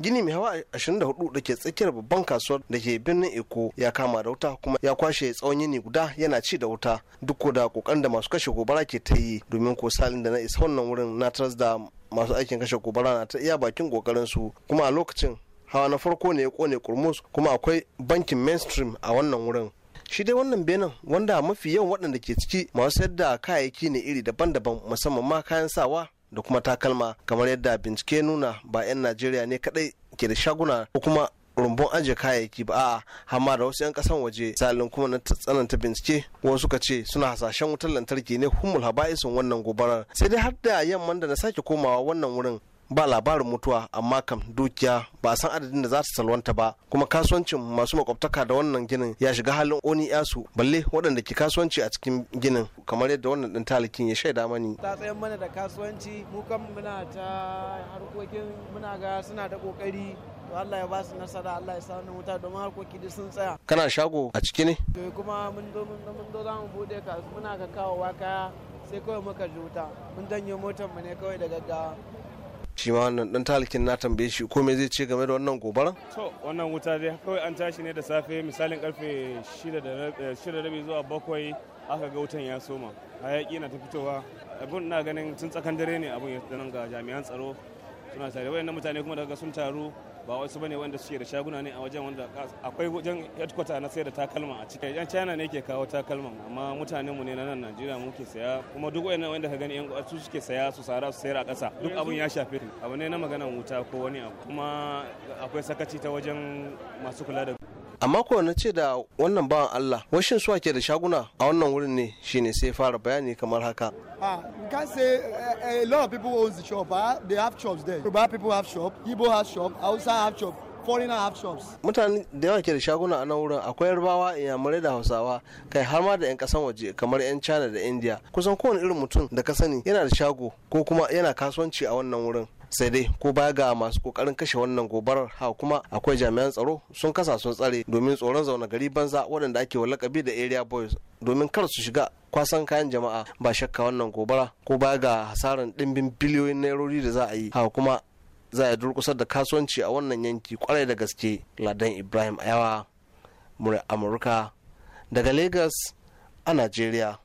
gini mai hawa 24 da ke tsakiyar babban kasuwar da ke birnin eko ya kama da wuta kuma ya kwashe tsawon yini guda yana ci da wuta duk ko da kokan da masu kashe gobara ke ta yi domin ko salin da na isa wannan wurin na taras da masu aikin kashe gobara na ta iya bakin kokarin su kuma a lokacin hawa na farko ne ya kone kurmus kuma akwai bankin mainstream a wannan wurin shi dai wannan benin wanda mafi yawan waɗanda ke ciki masu sayar da kayayyaki ne iri daban-daban musamman ma kayan sawa da kuma takalma kamar yadda bincike nuna ba 'yan najeriya ne kadai ke da shaguna ko kuma rumbun ajiye kayayyaki ba a'a hama da wasu 'yan kasan waje salin kuma na tsananta bincike wasu suka ce suna hasashen wutar lantarki ne humul habaisun wannan gobarar sai dai har da yamman da na sake komawa wannan wurin ba labarin mutuwa amma kam dukiya ba a san adadin da za ta salwanta ba kuma kasuwancin masu makwabtaka da wannan ginin ya shiga halin oni yasu balle waɗanda ke kasuwanci a cikin ginin kamar yadda wannan ɗin talikin ya shaida mani ta tsayan mana da kasuwanci mu kan muna ta harkokin muna ga suna da kokari Allah ya ba su nasara Allah ya sani wuta domin harkoki duk sun tsaya. Kana shago a ciki ne? To kuma mun zo mun zo za bude ka muna ka kawowa kaya sai kawai muka juta mun danyo motar mu ne kawai da gaggawa. shi ma wannan dan talakin na tambaye shi ko me zai ce game da wannan gobaran to wannan wuta dai kawai an tashi ne da safe misalin karfe 6 eh, zuwa 7 aka ga wutan ya soma hayaki na ta fitowa abun na ganin tun tsakan dare ne abun ya ga jami'an tsaro suna tare wayannan mutane kuma daga sun taru ba wasu bane wanda suke da shaguna ne a wajen wanda akwai wajen headquarter na sayar da takalma a cikin yan China ne ke kawo takalman amma mutanen mu ne na nan Najeriya muke saya kuma duk wayannan wanda ka gani yan su suke saya su sara su sayar a ƙasa duk abun ya shafe abu ne na magana wuta ko wani abu kuma akwai sakaci ta wajen masu kula da amma ko na ce da wannan bawan Allah washin suwa ke da shaguna a wannan wurin ne shine sai fara bayani kamar haka ah you can say a, eh, eh, a lot of people owns the shop huh? Ah. they have shops there Yoruba people have shop Igbo have shop Hausa have shop foreigner have shops. Mutane da yawa ke da shaguna a nan wurin akwai yarbawa inyamurai da hausawa kai har ma da 'yan kasan waje kamar 'yan china da india kusan kowane irin mutum da ka sani yana da shago ko kuma yana kasuwanci a wannan wurin. sai dai ko ba ga masu kokarin kashe wannan gobarar ha kuma akwai jami'an tsaro sun kasa sun tsare domin tsoron zaune gari banza waɗanda ake lakabi da area boys domin kar su shiga kwasan kayan jama'a ba shakka wannan gobara ko ba ga hasarin dimbin biliyoyin nairori da za a yi ha kuma za a durkusar da kasuwanci a wannan yanki kwarai da gaske ladan ibrahim ayawa murai amurka daga lagos a nigeria.